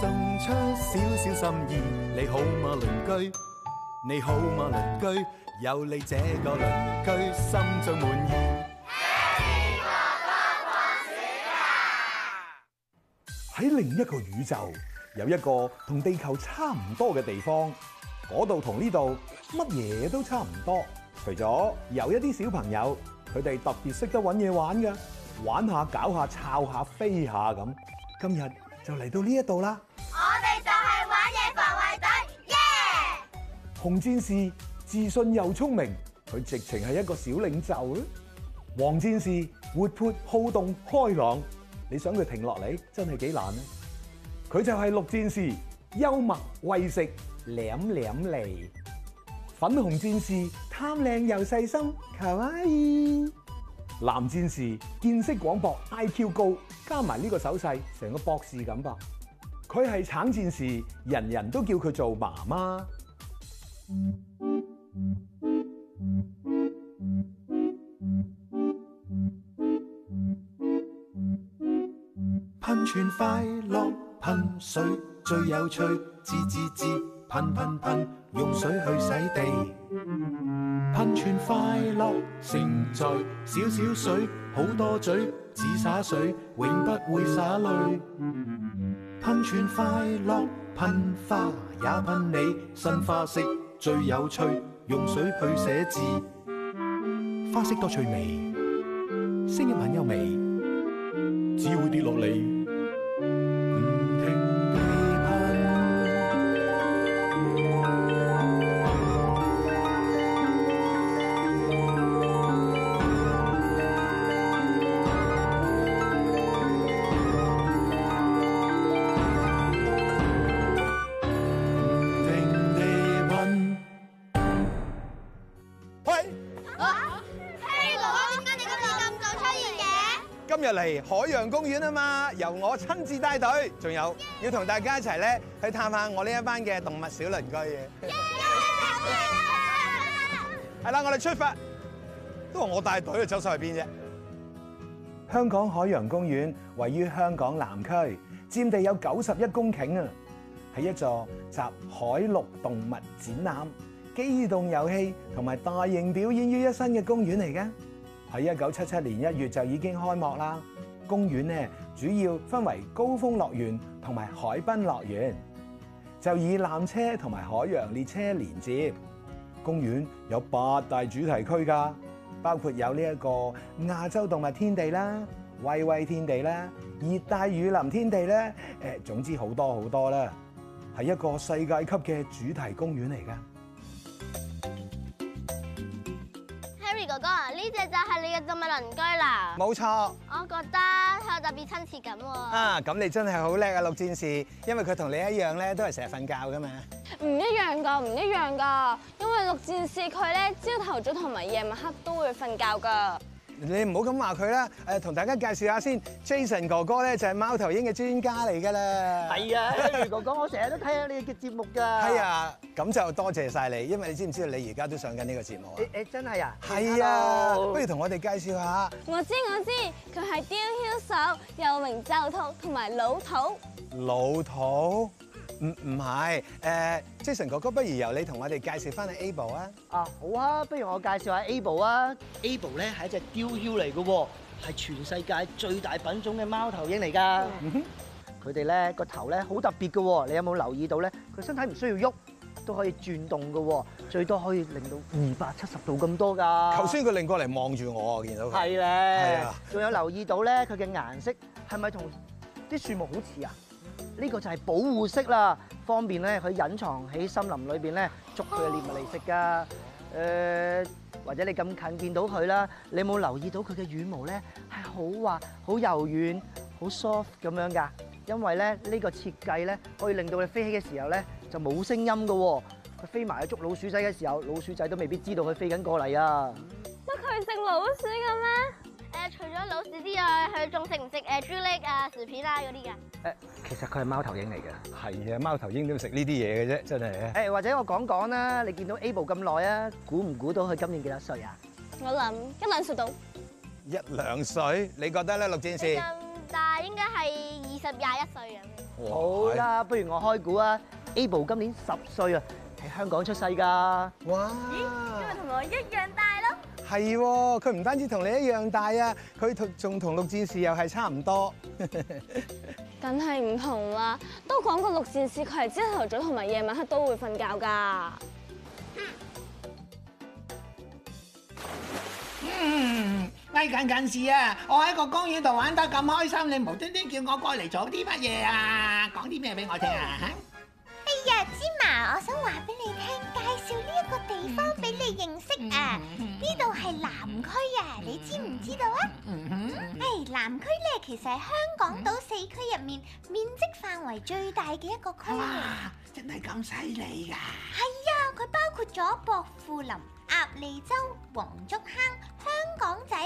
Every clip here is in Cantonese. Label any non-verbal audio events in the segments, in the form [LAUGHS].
送出少少心意，你好嗎鄰居？你好嗎鄰居？有你這個鄰居，心中滿意。喺另一個宇宙，有一個同地球差唔多嘅地方，嗰度同呢度乜嘢都差唔多，除咗有一啲小朋友，佢哋特別識得搵嘢玩㗎，玩下搞下，抄下飛下咁。今日就嚟到呢一度啦。紅戰士自信又聰明，佢直情係一個小領袖啊！黃戰士活潑好動開朗，你想佢停落嚟真係幾難咧。佢就係綠戰士，幽默為食舐舐脷。領領粉紅戰士貪靚又細心，卡哇伊。藍戰士見識廣博，IQ 高，加埋呢個手勢，成個博士咁噃。佢係橙戰士，人人都叫佢做媽媽。噴泉快樂，噴水最有趣，滋滋滋，噴噴噴，用水去洗地。噴泉快樂，盛在少少水，好多嘴，只灑水，永不會灑淚。噴泉快樂，噴花也噴你，新花色。最有趣，用水去寫字，花色多趣味，聲音很優美，只會跌落嚟。係海洋公園啊嘛，由我親自帶隊，仲有要同大家一齊咧去探下我呢一班嘅動物小鄰居。係啦，我哋出發，都話我帶隊，走上去邊啫？香港海洋公園位於香港南區，佔地有九十一公頃啊，係一座集海陸動物展覽、機動遊戲同埋大型表演於一身嘅公園嚟㗎。喺一九七七年一月就已經開幕啦。公園呢主要分為高峰樂園同埋海濱樂園，就以纜車同埋海洋列車連接。公園有八大主題區㗎，包括有呢一個亞洲動物天地啦、威威天地啦、熱帶雨林天地咧。誒，總之好多好多啦，係一個世界級嘅主題公園嚟㗎。呢隻、哦、就係你嘅動物鄰居啦，冇錯。我覺得佢特別親切咁。啊，咁你真係好叻啊！綠戰士，因為佢同你一樣咧，都係成日瞓覺噶嘛。唔一樣噶，唔一樣噶，因為綠戰士佢咧朝頭早同埋夜晚黑都會瞓覺噶。你唔好咁話佢啦，誒，同大家介紹下先，Jason 哥哥咧就係貓頭鷹嘅專家嚟㗎啦。係啊，哥哥，我成日都睇下你嘅節目㗎。係啊，咁就多謝晒你，因為你知唔知道你而家都上緊呢個節目啊？誒，真係啊？係啊，不如同我哋介紹下。我知。我知我知，佢係雕鴞手，又名周兔同埋老土。老土。唔唔係，誒 Jason 哥哥，不如由你同我哋介紹翻你 Able 啊！啊好啊，不如我介紹下 Able 啊！Able 咧係一隻雕鷹嚟嘅喎，係全世界最大品種嘅貓頭鷹嚟㗎。哼，佢哋咧個頭咧好特別嘅喎，你有冇留意到咧？佢身體唔需要喐都可以轉動嘅喎，最多可以令到二百七十度咁多㗎。頭先佢擰過嚟望住我啊，見到佢。係咧，仲有留意到咧，佢嘅顏色係咪同啲樹木好似啊？呢個就係保護色啦，方便咧佢隱藏喺森林裏邊咧捉佢嘅獵物嚟食噶。誒，或者你咁近見到佢啦，你冇留意到佢嘅羽毛咧係好滑、好柔軟、好 soft 咁樣噶。因為咧呢個設計咧可以令到佢飛起嘅時候咧就冇聲音噶喎。佢飛埋去捉老鼠仔嘅時候，老鼠仔都未必知道佢飛緊過嚟啊。乜佢係食老鼠噶咩？除咗老鼠之外，佢仲食唔食誒朱古力啊、薯片啊嗰啲噶？誒，其實佢係貓頭鷹嚟嘅，係啊，貓頭鷹都食呢啲嘢嘅啫，真係啊！誒，或者我講講啦，你見到 Able 咁耐啊，估唔估到佢今年幾多歲啊？我諗一兩歲到。一兩歲？你覺得咧，陸戰士？咁大應該係二十廿一歲啊。好啦，不如我開估啊，Able 今年十歲啊，喺香港出世噶。哇！咦，今日同我一樣大。係，佢唔單止同你一樣大啊，佢同仲同六戰士又係差唔多，梗係唔同啦。都講過六戰士佢係朝頭早同埋夜晚黑都會瞓覺噶。嗯，喂緊緊事啊！我喺個公園度玩得咁開心，你無端端叫我過嚟做啲乜嘢啊？講啲咩俾我聽啊？哎呀，芝麻，我想話俾你。地方俾你認識啊！呢度係南區啊，你知唔知道啊？嗯哼，誒，南區咧其實係香港島四區入面面積範圍最大嘅一個區啊。哇，真係咁犀利噶！係啊，佢包括咗薄扶林、鴨脷洲、黃竹坑、香港仔，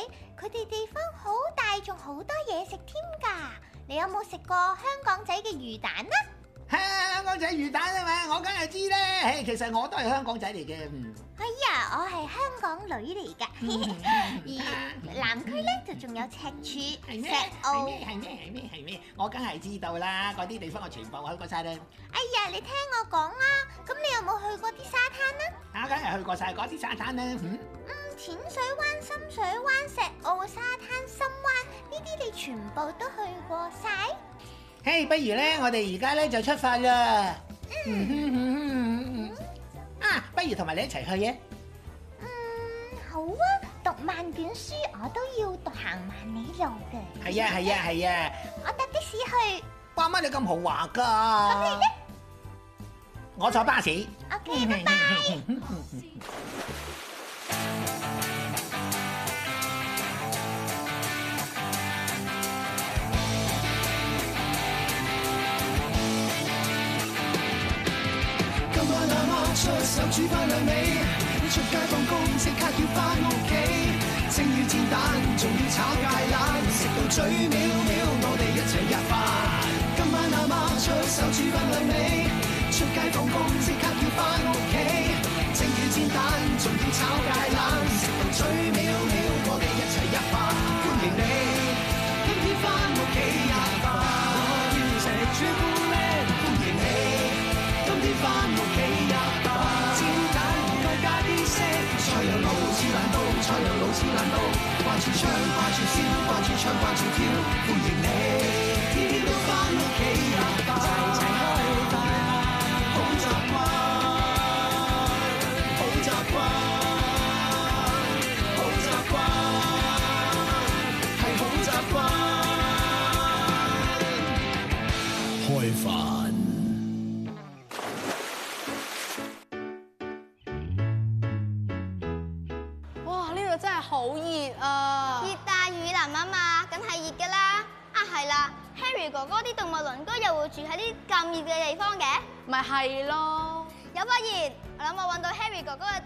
佢哋地方好大，仲好多嘢食添噶。你有冇食過香港仔嘅魚蛋啊？啊、香港仔魚蛋啊嘛，我梗係知咧。其實我都係香港仔嚟嘅。嗯、哎呀，我係香港女嚟㗎。 [LAUGHS] 而南區咧，就仲有赤柱、係咩？石澳，係咩？係咩？係咩？係咩？我梗係知道啦。嗰啲地方我全部去過晒啦。哎呀，你聽我講啊！咁你有冇去過啲沙灘咧？我梗係去過晒嗰啲沙灘啦。嗯，嗯，淺水灣、深水灣、石澳沙灘、深灣，呢啲你全部都去過晒。嘿，不如咧，我哋而家咧就出發啦！啊，不如同埋你一齊去啊。嗯，好啊，讀萬卷書我都要讀行萬里路嘅。係啊，係啊，係啊。我搭的士去。爸媽你咁豪華噶。我坐巴士。OK，拜拜。出手煮飯兩味，出街放工即刻要返屋企，蒸魚煎蛋，仲要炒芥蘭，食到嘴藐藐，我哋一齊吔飯。今晚阿媽出手煮飯兩味，出街放工即刻要返屋企，蒸魚煎蛋，仲要炒芥蘭，食到嘴藐藐。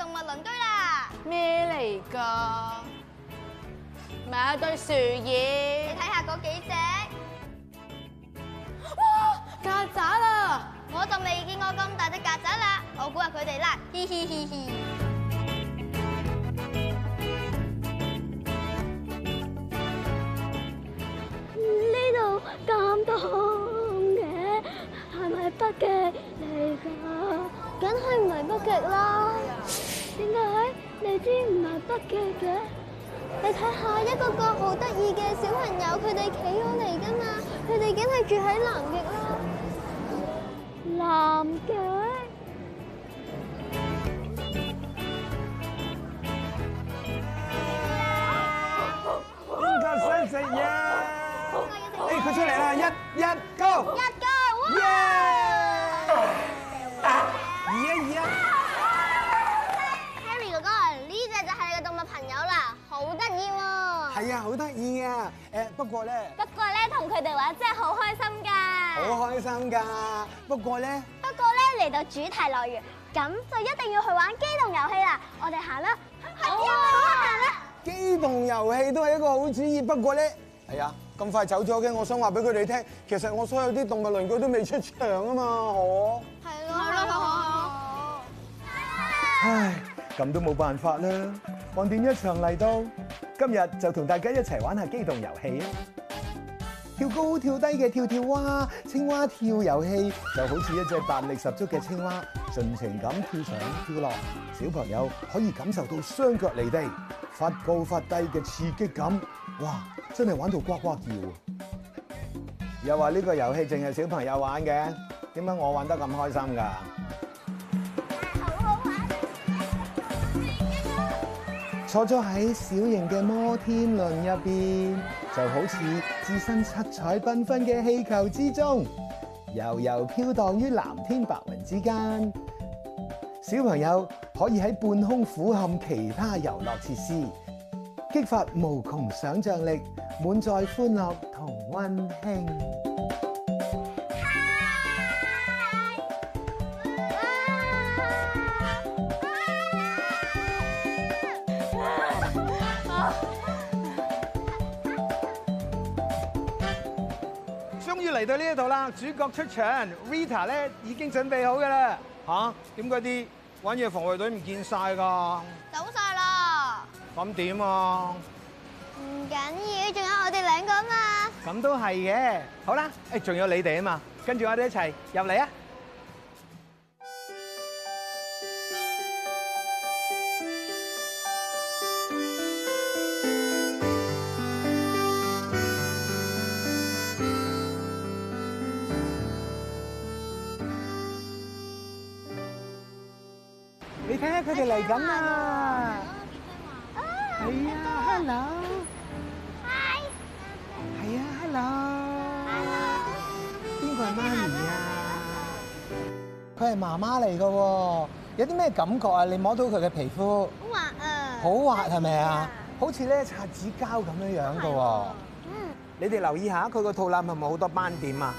動物鄰居啦，咩嚟噶？咪一堆樹葉。你睇下嗰幾隻，哇，曱甴啦！我就未見過咁大隻曱甴啦，我估下佢哋啦，嘻嘻嘻嘻。呢度咁凍嘅，係咪北極嚟噶？梗係唔係北極啦。點解你知唔係北極嘅？你睇下一個個好得意嘅小朋友，佢哋企咗嚟噶嘛，佢哋梗係住喺南極啦。南極邊個想食嘢？哎，佢出嚟啦！一、一、Go！好得意啊！不過咧，不過咧同佢哋玩真係好開心㗎，好開心㗎！不過咧，不過咧嚟到主題樂園，咁就一定要去玩機動遊戲啦，啊！我哋行啦，好，我哋行啦。機動遊戲都係一個好主意，不過咧，係、哎、啊，咁快走咗嘅？我想話俾佢哋聽，其實我所有啲動物鄰居都未出場啊嘛，我係咯，係咯，好好好，啊。唉，咁都冇辦法啦，放點一場嚟到。今日就同大家一齊玩下機動遊戲。跳高跳低嘅跳跳蛙、青蛙跳遊戲，就好似一隻彈力十足嘅青蛙，盡情咁跳上跳落。小朋友可以感受到雙腳離地、忽高忽低嘅刺激感，哇！真係玩到呱呱叫！又話呢個遊戲淨係小朋友玩嘅，點解我玩得咁開心噶？坐咗喺小型嘅摩天輪入邊，就好似置身七彩繽紛嘅氣球之中，悠悠飄蕩於藍天白雲之間。小朋友可以喺半空俯瞰其他遊樂設施，激發無窮想象力，滿載歡樂同温馨。嚟到呢一度啦，主角出場，Rita 咧已經準備好㗎啦吓？點嗰啲玩嘢防衛隊唔見晒㗎，走晒了啦！咁點啊？唔緊要，仲有我哋兩個啊嘛，嘛！咁都係嘅，好啦，誒仲有你哋啊嘛，跟住我哋一齊入嚟啊！佢係媽媽嚟嘅喎，有啲咩感覺啊？你摸到佢嘅皮膚好滑啊的，好滑係咪啊？好似咧擦紙膠咁樣樣嘅喎。嗯，你哋留意下佢個肚腩係咪好多斑點啊？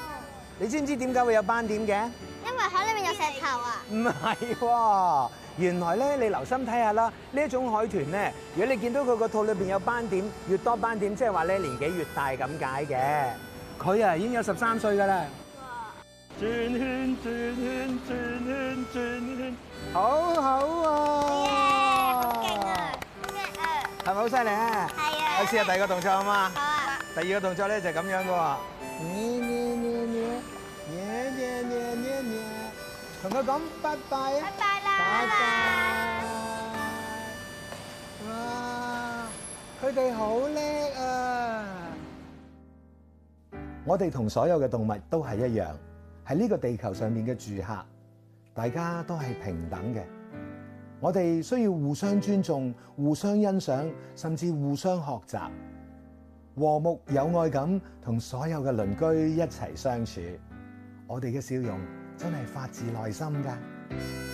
是的 你知唔知點解會有斑點嘅？因為海裡面有石頭啊。唔係喎，原來咧你留心睇下啦，呢一種海豚咧，如果你見到佢個肚裏邊有斑點，越多斑點即係話咧年紀越大咁解嘅。佢啊已經有十三歲㗎啦。轉圈轉圈轉圈轉圈，好好啊！係咪好犀利啊？係啊！試下啊，第二個動作啊嘛。好啊！第二個動作咧就咁樣噶喎。耶耶耶耶耶耶耶耶耶，同佢講拜拜啊！拜拜啦！拜拜！哇，佢哋好叻啊！我哋同所有嘅動物都係一樣。喺呢個地球上面嘅住客，大家都係平等嘅。我哋需要互相尊重、互相欣賞，甚至互相學習，和睦友愛咁同所有嘅鄰居一齊相處。我哋嘅笑容真係發自內心噶。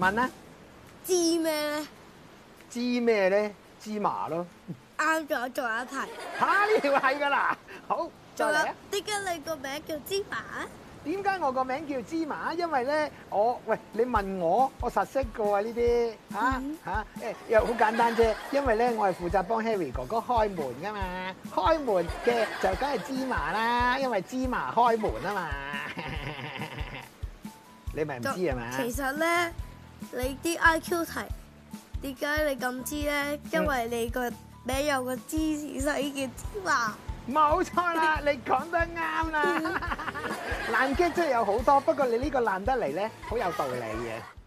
問啊？知咩咧？知咩咧？芝麻咯。啱咗，做下一題。嚇！呢條係㗎喇。好，再嚟啊！點解你個名叫芝麻啊？點解我個名叫芝麻？因為咧，我喂你問我，我實識過啊呢啲嚇嚇誒又好簡單啫。因為咧，我係負責幫 Harry 哥哥開門㗎嘛，開門嘅就梗係芝麻啦。因為芝麻開門啊嘛。你咪唔知係咪啊？其實咧。你啲 IQ 題，點解你咁知咧？嗯、因為你個名有個芝士洗潔精啊！冇錯啦，你講得啱啦。爛經真係有好多，不過你呢個爛得嚟咧，好有道理嘅。